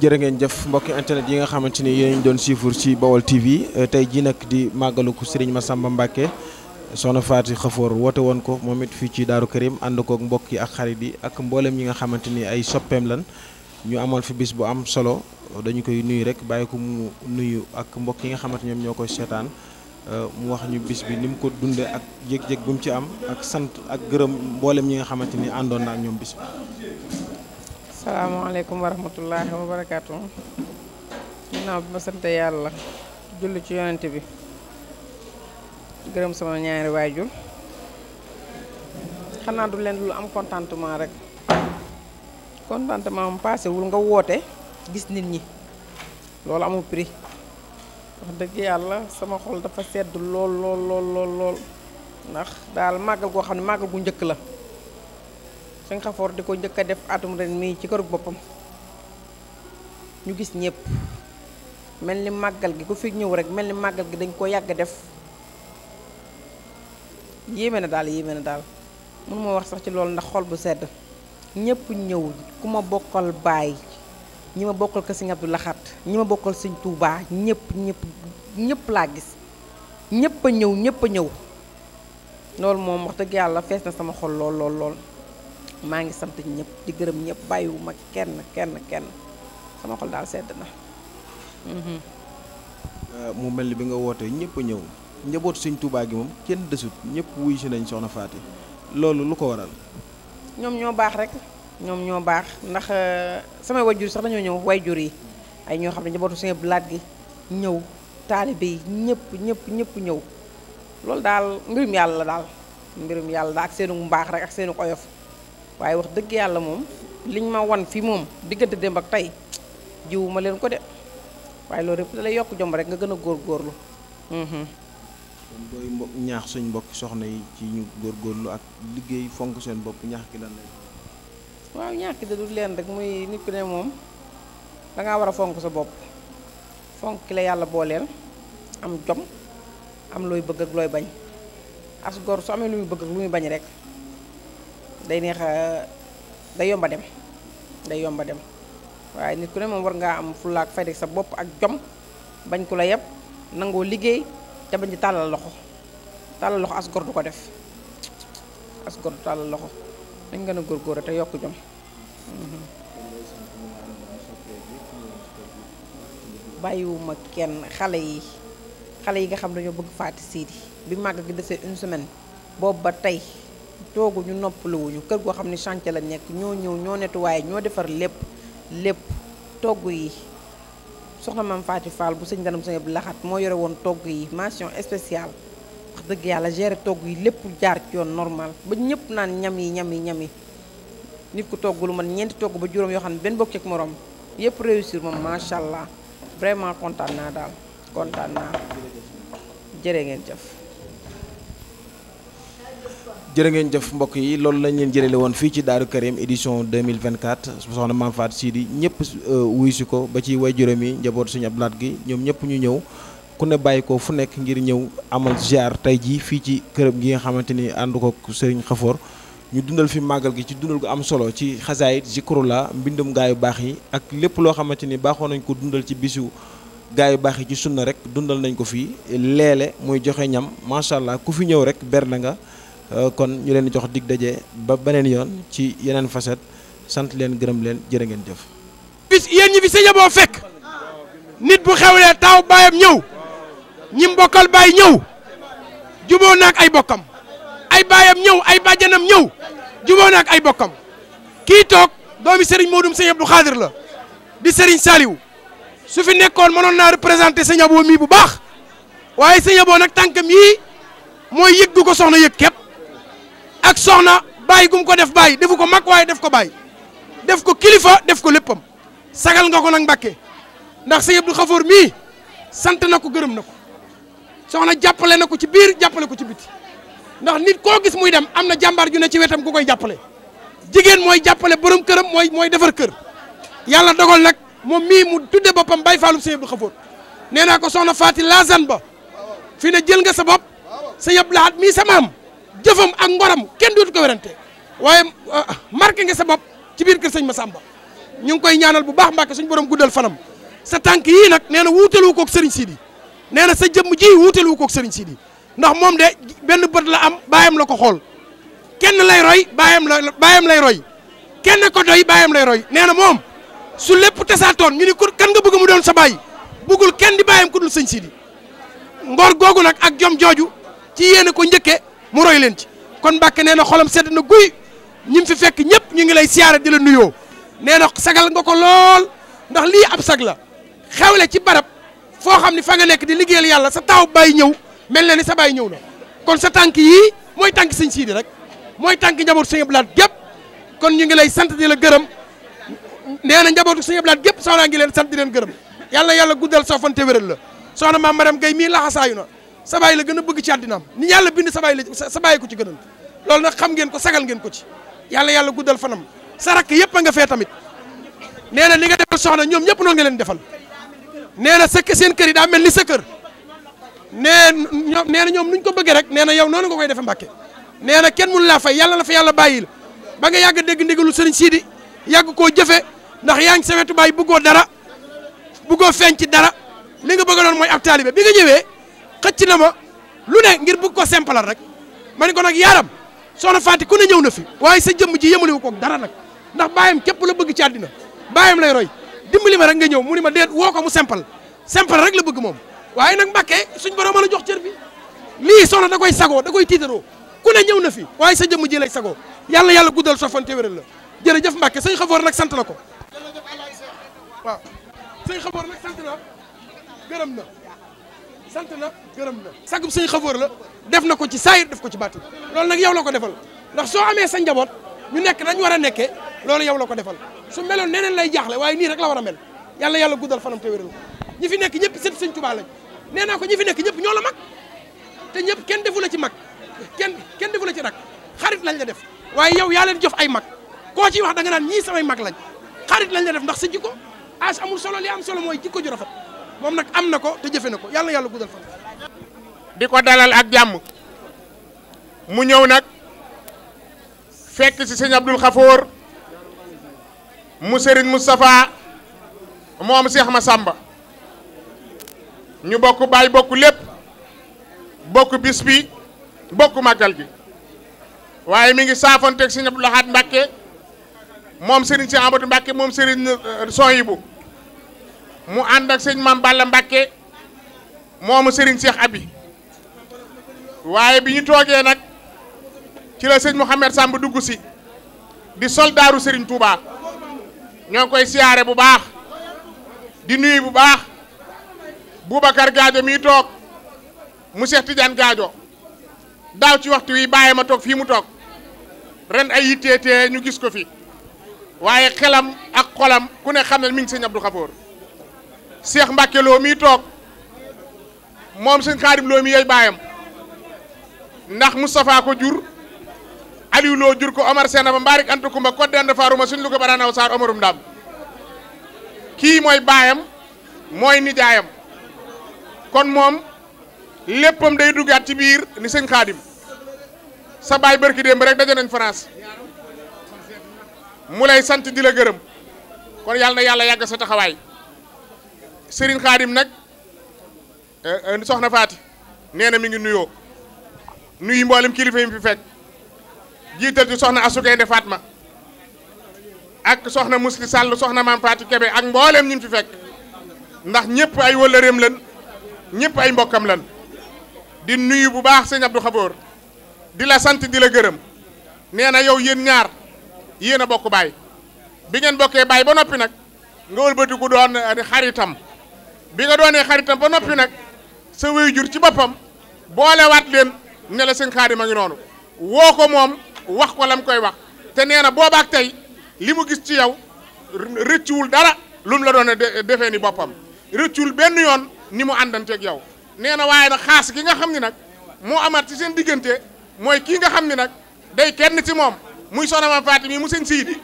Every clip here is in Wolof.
jërë ngeen jëf mbokki internet yi nga xamante ni ñu doon suivre ci Bawol TV euh, tey jii nag di màggalu ko Serigne Massamba Mbacke soxna Faati Xafoor woote woon ko moom it fii ci Daaru Karim ànd koog mbokk yi ak xarit yi ak mbooleem ñi nga xamante ni ay soppeem lan ñu amal fi bis bu am solo dañu koy nuyu rek bàyyi ko mu nuyu ak mbokk yi nga xamante ñoom ñoo koy seetaan euh, mu wax ñu bis bi ni mu ko dundee ak jéeg-jéeg bu mu ci am ak sant ak gërëm mboolem ñi nga xamante ni àndoon na ak ñoom bis Assalamualaikum warahmatullahi wabarakatuh. wa barakaatu ya Allah. ma sant tv. julli ci yonent bi gërëm sama ñaari waajur xanaa du leen lu am contentement rek contentement mu paasewul nga wote. gis nit ñi loolu pri. prix wax dëgg sama xol dafa sih lool lool lool lool lo lo. Nah, dalam goo gua ne màggal gunjek lah sen xafor diko njëkk def atum ren mi ci kër bopam ñu gis ñëpp melni magal gi ku fi ñëw rek melni magal gi dañ ko yàgg def yéme na dal yéme na dal mënu mo wax sax ci lool ndax xol bu sedd ñëpp ñëw ku ma bokkal bay ñi ma bokkal ke seigne abdou Laxat ñi ma bokkal seigne touba ñëpp ñëpp ñëpp la gis ñëpp ñëw ñëpp ñëw wax deug yalla fess na sama xol lool lool lool maa ngi sant ñëpp di gërëm ñëpp bàyyiwuma kenn kenn kenn sama xol daal sedd na. Mhm. Euh, mu mel ni bi nga wootee ñëpp a ñëw njabootu Sëñ Tuubaa gi moom kenn desut ñëpp wuy si nañ soxna yi loolu lu ko waral. ñoom ñoo baax rek ñoom ñoo baax ndax euh, samay wayjur sax dañoo ñëw jur yi ay ñoo xam ne njabootu Sëñ Blaat gi ñëw taalibe yi ñëpp ñëpp ñëpp ñëw loolu daal mbirum yàlla la daal mbirum yàlla daal ak seenu mbaax rek ak seenu oyof. waye wax deug yalla mom liñ ma won fi mom digënté dem ak tay jiwu ma leen ko dé waye lo rek la yok jom rek nga gëna gor gën hmm góorgóorlu. Mhm. kon booy ñaax suñ mbokk soxna yi ci ñu gor góorgóorlu ak liggéey fonk seen bop ñaax ki lan lay. waaw ñaax ki da du leen rek muy nit ku ne mom da nga wara fonk sa bop fonk ki la yàlla booleel am jom am loy bëgg ak loy bañ as gor su amé luy bëgg ak luy bañ rek day neex eh, day yomba dem day yomba dem waye nit ku ne mom war nga am fulak fay fayda sa bop ak jom bañ kula yeb nango liggey te bañ ci tàllal loxo talal loxo as gor du ko def as gor talal loxo dañ gën gor gor te yok jom mhm. bàyyiwuma kenn xale yi xale yi nga xam dañu bëgg faati sidi bi mag gi defé une semaine boobu ba tay tooguñu noppaluwuñu kër goo xam ne chantier la nekk ñoo ñëw ñoo nettoyé ñoo defar lépp lépp togg yi soxna maam Faati Fall bu sëñ ganam sëñ bu laxat moo yore woon togg yi mention spéciale dëgg yàlla gérer togg yi lépp jaar yoon normal ba ñëpp naan ñam yi ñam yi ñam yi nit ku togg lu ñeenti togg ba juróom yoo xam ne benn bokk ak yëpp réussir moom macha allah vraiment kontaan naa daal kontaan naa jërë ngeen jëf. jërë ngeen jëf mbokk yi loolu lañ leen jërele woon fii ci Daaru Karim édition 2024 soxna Maam Faat Sidi ñëpp euh, wuy si ko ba ci way juróom yi njaboot suñu ablaat gi ñoom ñëpp ñu ñëw ku ne bàyyi ko fu nekk ngir ñëw amal ziar tey jii fii ci këram gi nga xamante ni ànd ko Serigne Khafor ñu dundal fi màggal gi ci dundal gu am solo ci xasaayit zikrula mbindum gaayu baax yi ak lépp loo xamante ni baaxoo nañ ko dundal ci bisu gaa yu baax yi ci sunna rek dundal nañ ko fii leele muy joxe ñam macha allah ku fi ñëw rek ber na nga Euh, kon ñu leen jox digg daje ba beneen yoon ci yeneen facette sant leen gërëm leen jërë ngeen jëf. bis yéen ñi fi sëñ fekk nit bu xewlee taaw baayam ñëw ñim bokkal baay ñëw juboo naag ay bokkam ay baayam ñëw ay bàjjanam ñëw juboo naag ay bokkam kii toog doomi Serigne Modou sëñ Abdou Khadir la di Serigne Saliou su fi nekkoon mënoon naa représenté sëñ mii bu baax waaye sëñ nag tànkam yii mooy yëg ko soxna yëg képp. ak soxna bàyyi gum ko def bàyyi defu ko mag waaye def ko bàyyi def ko kilifa def ko léppam sagal nga ko nag mbàkke ndax sëñ Abdou sant na ko gërëm na soxna jàppale na ko ci biir jàppale ko ci biti ndax nit koo gis muy dem am na jàmbaar ju ne ci wetam gu koy jàppale jigéen mooy jàppale borom këram mooy mooy defar kër yàlla dogal nag moom mii mu tudde boppam bay faalum sëñ Abdou Khafour nee naa ko soxna Faati Laasane ba fi ne jël nga sa bopp sa Abdou Lahad mii sa maam jëfam ak ngoram kenn dootu ko werante waye ah, marqué nga sa bop ci bir keur seigne Massamba ñu ngi koy ñaanal bu baax mbacke suñu borom guddal fanam sa yi nak nag nee wu ko ak seigne Sidi nee sa jëm ji ko ak seigne Sidi ndax mom de benn bët la am bayam la ko xol kenn lay roy bayam la bayam lay roy kenn ko doy bayam lay roy nee mom su lepp tasaatoon ñu ni kan nga bëgg mu doon sa bay bëggul kenn di bayam ku dul seigne Sidi ngor gogu nak ak jom joju ci yene ko ñëkke mu roy len ci kon Mbàkke neena xolam sedd na guy fi fekk ñu ngi lay siara di la nuyo neena sagal nga ko lol ndax li ab sag la xewle ci barab fo xamni fa nga nek di liggeel yalla sa taw bay ñew melne ni sa bay ñew na kon sa tànk yi moy tànk sëñ sidi rek moy tànk njabot sëñ blad gep kon ñu ngi lay sante di la gërëm neena njabot njabootu blad gep soona ngi len sante di len gërëm yalla yalla guddal sofante la soona Maram Gay xasa yu na sa la gën a bëgg ci àddinaam ni yàlla bind sa baay la sa baay ko ci gënal loolu nag xam ngeen ko sagal ngeen ko ci yàlla yàlla guddal fanam sa rakk yëpp a nga fee tamit nee na li nga defal soxna ñoom ñëpp noonu nga leen defal nee na sa seen kër yi daa mel ni sa kër nee ñoom nee na ñoom nuñ ko bëggee rek nee na yow noonu nga koy defe mbàkke nee na kenn mënu laa fay yàlla la fa yàlla bàyyi la ba nga yàgg dégg ndigalu sëriñ Sidi yàgg koo jëfe ndax yaa ngi sa wetu bàyyi bëggoo dara bëggoo ci dara li nga bëgg doon mooy ab taalibe bi nga ñëwee xëcc na ma lu ne ngir bëgg ko simple rek ma ne ko nag yaaram soxna Faati ku ne ñëw na fi waaye sa jëmm ji yëmaliwu kook dara nag ndax baayam képp la bëgg ci àddina baayam lay roy dimbali ma rek nga ñëw mu ni ma déet woo ko mu sempal simple rek la bëgg moom waaye nag Mbàkke suñ borom mën a jox cër bi lii soxna da koy sagoo da koy tiitaroo ku ne ñëw na fi waaye sa jëmm ji lay sagoo yàlla yàlla guddal soo fante wéral la jërëjëf Mbàkke sëñ xafoor nag sant la ko waaw sëñ xafoor nag sant la gërëm na sant na gërëm na sagub sëñ xafoor la def na ko ci saayir def ko ci bàtti loolu nag yow la ko defal ndax soo amee sa njaboot ñu nekk dañ war a nekkee loolu yow la ko defal su meloon neneen lay jaaxle waaye nii rek la war a mel yàlla yàlla guddal fanam te wéral ñi fi nekk ñëpp sët sëñ Tuubaa lañ nee naa ko ñi fi nekk ñëpp ñoo la mag te ñëpp kenn defu la ci mag kenn kenn defu la ci rak xarit lañ la def waaye yow yaa leen jox ay mag koo ciy wax da nga naan ñii samay mag lañ xarit lañ la def ndax sa jikko âge amul solo li am solo mooy jikko ju rafet mom nak am nako ko te jeffe nako yalla yalla guddal fa di ko dalal ak jam mu ñew nak fekk ci seigne Abdul khafour mu Serigne Moustapha moom Cheikh Massamba ñu bokku bay bokku lepp bokku bis bi bokku magal gi waye mi ngi saafoonteeg seigne Abdul Ahad mbacké mom Serigne cheikh Amadou mbacké mom Serigne yibou euh, mu ànd ak sëñ Maam Balla Mbàkke moomu Serigne Cheikh Abi waaye bi ñu toogee nag ci la sëñ Mouhamed Samb dugg di soldaru Serigne Touba ñoo ngi koy siyaare bu baax di nuyu bu baax Boubacar Gaajo mii toog mu Cheikh Tidiane Gaajo daaw ci waxtu wi bàyyi ma fi fii mu toog ren ay yitteetee ñu gis ko fi waaye xelam ak xolam ku ne xam ne mi Abdou Khafour Cheikh Mbacke loo mii toog moom sëñ Xaadim loo mi yey baayam ndax Moustapha ko jur Aliou loo jur ko Omar Sène ba mbaarik anta kumba ko dend faaruma suñ lu ko baraanaw saar omarum ndam kii mooy baayam mooy nijaayam kon moom léppam day duggaat ci biir ni sëñ Xaadim sa baay barki démb rek daje nañ France mu lay sant di la gërëm kon yàlla na yàlla yàgg sa taxawaay Serigne Khadim nag eh, eh, soxna Faati nee na mi ngi nuyoo nuyu mboolem kilifa yi mu fi fekk jiital ci soxna Astou Gaïndé Fatma ak soxna Mousli Sall soxna Mame Faati Kebe ak mboolem ñu fi fekk ndax ñëpp ay wëllëreem lan ñëpp ay mbokkam lan di nuyu bu baax sëñ Abdou Khaboor di la sant di la gërëm nee na yow yéen ñaar yéen a bokk baay bi ngeen bokkee baay ba noppi nag nga wëlbatiku doon eh, xaritam. bi nga doonee xaritam ba noppi nag sa waajur ci boppam boolewaat leen ne la sëñ Xaadim ngi noonu woo ko moom wax ko lam koy wax te nee na boobaak tey li mu gis ci yow rëccuwul dara lu la doon defee ni boppam rëccuwul benn yoon ni mu àndanteeg yow nee na waaye nag xaas gi nga xam ni nag moo amaat ci seen diggante mooy kii nga xam ni nag day kenn ci moom muy soxna Maam Faati mi mu sëñ Siidi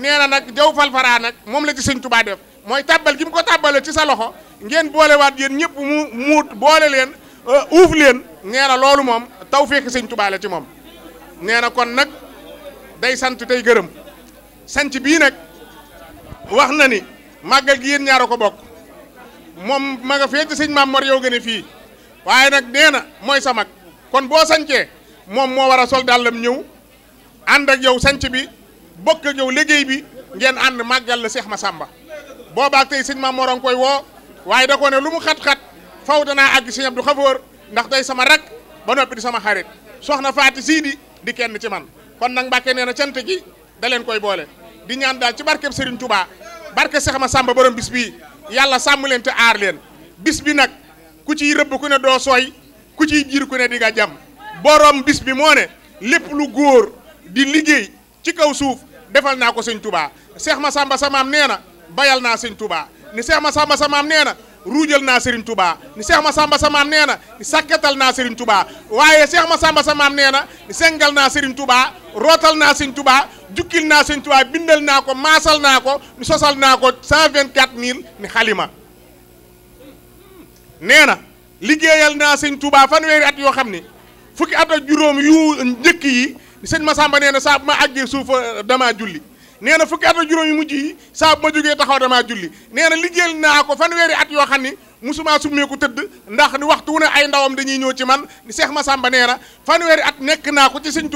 nee na nag jaw falfara nag moom la ci sëñ Tuubaa def mooy tàbbal gi mu ko tàbbale ci sa loxo ngeen waat yéen ñëpp mu muut boole leen euh, uuf leen nee loolu moom tawféexi sëñ Tuubaa la ci moom nee kon nag day sant tey gërëm sanc bii nag wax na ni màggal gi yéen ñaar a ko bokk moom ma nga fee ci sëñ Maam Mor yow gën a fii waaye nag nee na mooy sa mag kon boo sancee moom moo war a sol dàllam ñëw ànd ak yow sanc bi bokk ñëw liggéey bi ngeen ànd màggal la Seex Masàmba boobaak tey sëñ Maam Mor a ngi koy woo waaye da koo ne lu mu xat-xat faw danaa àgg sëñ Abdou Xafoor ndax day sama rak ba noppi di sama xarit soxna Faati Siidi di kenn ci man kon nag Mbàkke nee na cant gi da leen koy boole di ñaan daal ci barkeb Serigne Touba barke Seex Masàmba borom bis bii yàlla sàmm leen te aar leen bis bi nag ku ciy rëbb ku ne doo sooy ku ciy jiir ku ne di nga jàmm borom bis bi moo ne lépp lu góor di liggéey ci kaw suuf defal naa ko sëñ tubaa seex ma sàmba samaam nee na bayal naa sëñ tubaa ni seex ma sàmba samaam nee na ruujal naa sëriñ tubaa ni seex ma sàmba samaam nee na ni naa sëriñ tubaa waaye seex ma sàmba samaam nee na ni sengal naa sëriñ tubaa rootal naa sëñ tubaa jukkil naa sëñ tubaa bindal naa ko maasal naa ko ni sosal naa ko cent vingt-quatre mille ni xalima nee na liggéeyal naa sëñ tubaa fanweeri at yoo xam ne fukki at ak juróom yu njëkk yi sëñ ma nee na saa bu ma àggee suuf damaa julli nee na fukki at ak juróom yu mujj yi saa bu ma jógee taxaw damaa julli nee na liggéeyal naa ko fanweeri at yoo xam ni musuma summeeku tëdd ndax ni waxtu wu ne ay ndawam dañuy ñëw ci man ni Cheikh Massamba nee na fanweeri at nekk naa ko ci sëñ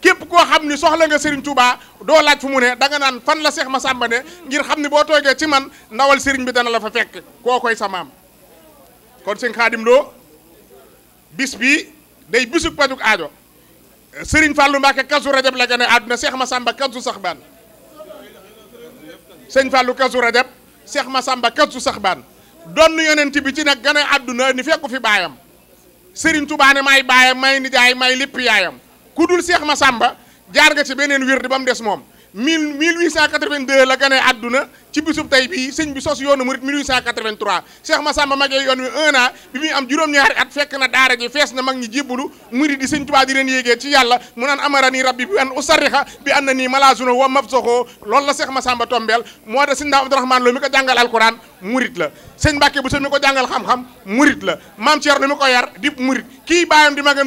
képp koo xam ni soxla nga Serigne Touba doo laaj fu mu ne danga naan fan la ma Massamba ne ngir xam ni boo toogee ci man ndawal Serigne bi dana la fa fekk koo koy sa maam kon sëñ Xaadim bis bi day bisug pajuk aajo Serigne Fallou Mbacke Kazu Rajab la gane àdduna Cheikh Massamba Kazu Saxbaan Serigne Fallou Kazu Rajab Cheikh Massamba Kazu Saxbaan doon yonent bi ci nag gane àdduna ni fekku fi baayam Serigne Touba may baayam may nijaay may lépp yaayam ku dul ma Massamba jaar nga ci beneen wér di ba mu des moom. mille mille huit cent quatre-vingt-deux la gane àdduna ci bisub tey bii sëñ bi sos yoonu murit 1883 Cheikh Massamba magee yoon wi un bi muy am juróom-ñaari at fekk na daara ji fees na mag ñi jébbalu murit di sëñ Tuubaa di leen yéegee ci yàlla mu naan amara nii rabbi bi an usarrixa bi an na nii malasuno wa mab soxoo loolu la Cheikh Massamba tombeel moo tax ko jàngal alquran la sëñ Mbàkke bu sëñ mi ko jàngal xam-xam murit la maam Cerno mi ko yar di murit kii baayam di magam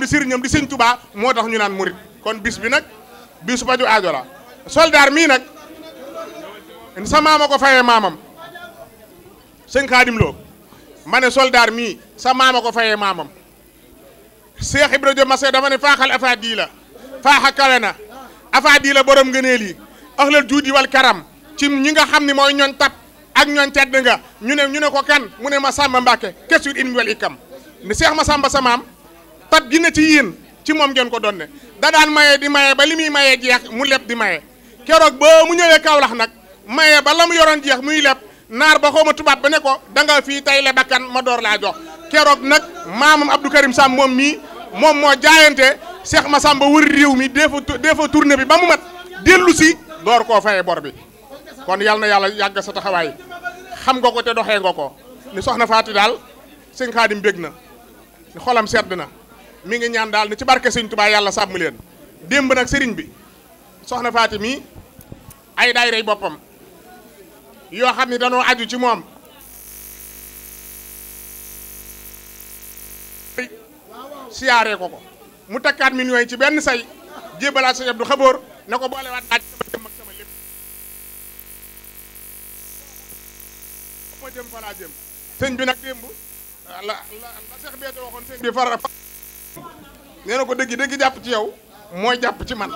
moo tax ñu naan murit kon bis bi nag bisu paju aajo la soldaar mii nag sa maama ko fayee maamam sëñ Xaadim Lo ne soldaar mii sa maama ko fayee maamam Seex Ibra Jóob Masee dama ne faaxal afaadii la faaxa kawe na afaadii la borom ngëneel yi axlal wal karam ci ñi nga xam ni mooy ñooñ tap ak ñooñ tedd nga ñu ne ñu ne ko kan mu ne ma Sàmba Mbàkke kesul in wal ikam ne Seex ma Sàmba samaam maam tab gi ne ci yéen ci moom ngeen ko doon ne da daan maye di maye ba li muy maye jeex mu leb di maye keroog ba mu ñëwee Kaolack nag maye ba la mu yoroon jeex muy leb naar ba xaw ma tubaab ba ne ko da nga fii tey le bakkan ma door laa jox keroog nag maamam Abdou Karim Samb moom mii moom moo jaayante Cheikh Massamba wër réew mi dee fa dee bi ba mu mat dellu si door koo faye bor bi kon yal na yàlla yàgg sa taxawaay xam nga ko te doxee nga ko ni soxna Faati daal sëñ Xaadim bég na ni xolam sedd na mi ngi ñaan daal ni ci barke sëñ Tuubaa yàlla sàmm leen démb bi ay daayiray boppam yoo xam ne danoo aju ci moom siyaaree ko ko mu takkaat millions yi ci benn say jébalaat sa yabdu xaboor na ko boolewaat daaj sama jëm ak sama lépp la nee na ko dëgg dëgg jàpp ci yow mooy jàpp ci man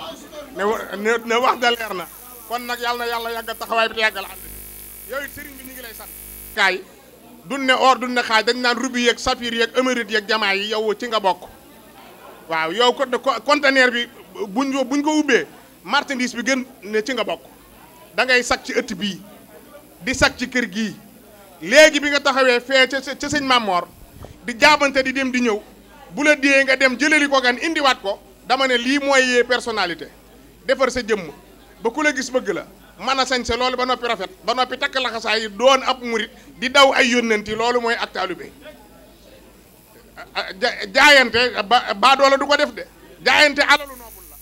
ne ne wax da leer na kon nak yàlla na yag taxaway bi te yàggal ànd yooyu sëriñ bi ni ngi lay sant kay dun ne or dun ne xaaj dañ nan rubi yak safir yak emerit yak jamaa yi yow ci nga bok waaw yow ko conteneur bi buñ buñ ko ubbee marchandise bi gën ne ci nga bok da ngay sag ci ëtt bi di sag ci kër gi légui bi nga taxawé fé ci Mamor di jabanté di dem di ñew bu la dié nga dem jëlali ko gan wat ko dama ne lii mooy personnalité sa jëm ba ku la gis bëgg la man a sañse loolu ba noppi rafet ba noppi takk laxasaa yi doon ab murit di daw ay yónnanti loolu mooy ak taalibe jaayante ba baadoola du ko def de jaayante alalu noobul la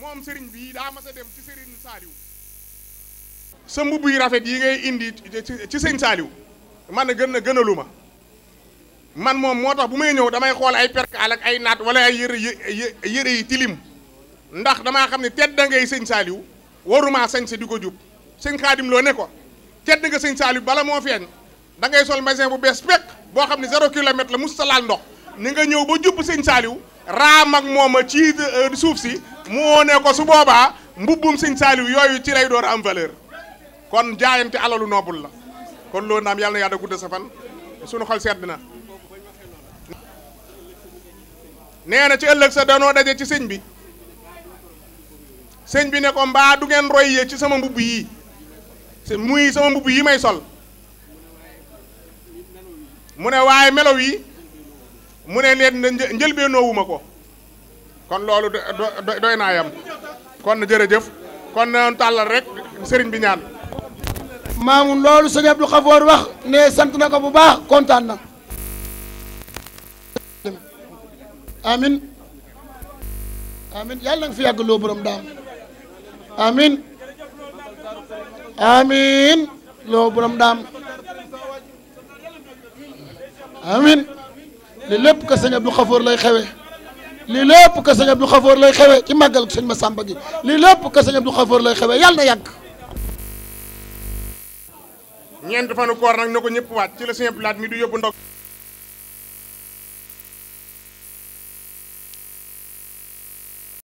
moom sëriñ bii daa mas dem ci sëriñ saaliw sa mbubb yu rafet yi ngay indi ci sëñ saaliw man gën a gën a lu ma man moom moo tax bu may ñëw damay xool ay perkaal ak ay naat wala ay yëre yëre yi tilim ndax damaa xam ne tedd ngay sëñ Saliou waruma sañ si di ko jub sëñ Xaadim loo ne ko tedd nga sëñ Saliou bala moo feeñ da ngay sol magasin bu bees pekk boo xam ne zéro kilomètre la mus salaal laal ndox ni nga ñëw ba jubb sëñ Saliou raam ak moom a ci euh, suuf si mu wone ko su boobaa mbubbum sëñ Saliou yooyu ci lay door am valeur kon jaayam jaayante alalu noobul la kon loolu naam yàlla na yàlla gudd sa fan sunu xol sedd na nee ci ëllëg sa danoo daje ci sëñ bi sëñ bi ne ko mbaa du ngeen roy yee ci sama mbubb yi muy sama mbubb yi may sol mu ne waaye melow yi mu ne leen njëlbeenoowuma ko kon loolu doy naa yam kon jërëjëf kon na tàllal rek sëriñ bi ñaan maamu loolu sëñ Abdou Khafour wax ne sant na ko bu baax kontaan na amin amin yàlla nga fi yàgg loo borom daam amin amin lo borom li lépp ka sëñ Abdou Khafour lay xewe li lépp ka sëñ Abdou Khafour lay xewe ci màggal sëñ Massamba gi li lépp ka sëñ Abdou Khafour lay xewe yàlla na yàgg ñeent fanu koor nag na ko ñëpp waat ci la sëñ Abdou mi du yóbbu ndog